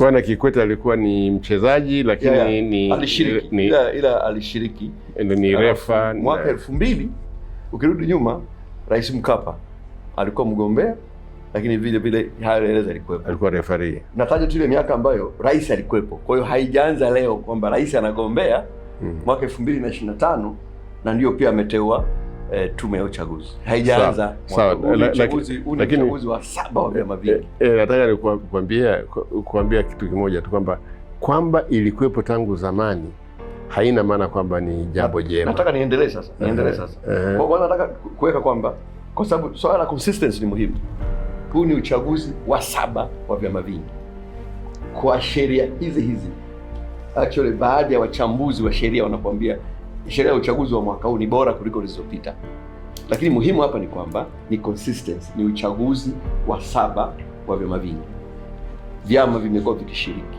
Bwana Kikwete alikuwa ni mchezaji lakini yeah, Ni, alishiriki. Ni, ila, ila alishiriki ni refa mwaka elfu mbili ukirudi nyuma Rais Mkapa alikuwa mgombea lakini vile vile Hayaeleza alikuwepo, alikuwa refari. Nataja tu ile miaka ambayo rais alikuwepo, kwa hiyo haijaanza leo kwamba rais anagombea mm. mwaka elfu mbili na ishirini na tano na ndio pia ameteua eh, tume ya uchaguzi haijaanza. Lakini uchaguzi wa saba wa vyama vingi. Eh, eh, nataka nikuambia kuambia kitu kimoja tu kwamba kwamba ilikuwepo tangu zamani haina maana kwamba ni jambo jema. Nataka niendelee sasa, niendelee eh, sasa. Kwa maana nataka kuweka kwamba kwa sababu swala la consistency ni muhimu. Huu ni uchaguzi wa saba wa vyama vingi kwa sheria hizi hizi. Actually, baadhi ya wachambuzi wa sheria wanakuambia sheria ya uchaguzi wa mwaka huu ni bora kuliko zilizopita, lakini muhimu hapa ni kwamba ni consistency, ni uchaguzi wa saba wa vyama vingi. Vyama vimekuwa vikishiriki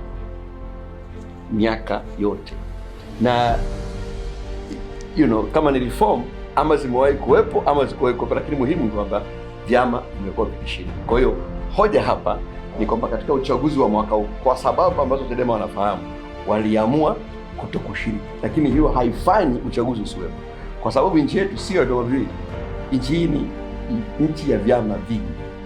miaka yote na you know, kama ni reform ama zimewahi kuwepo ama zikuwahi kuwepo, lakini muhimu ni kwamba vyama vimekuwa vikishiriki. Kwa hiyo hoja hapa ni kwamba katika uchaguzi wa mwaka huu, kwa sababu ambazo CHADEMA wanafahamu, waliamua kuto kushiriki, lakini hiyo haifanyi uchaguzi usiwepo, kwa sababu nchi yetu sio nchi hii, ni nchi ya vyama vingi.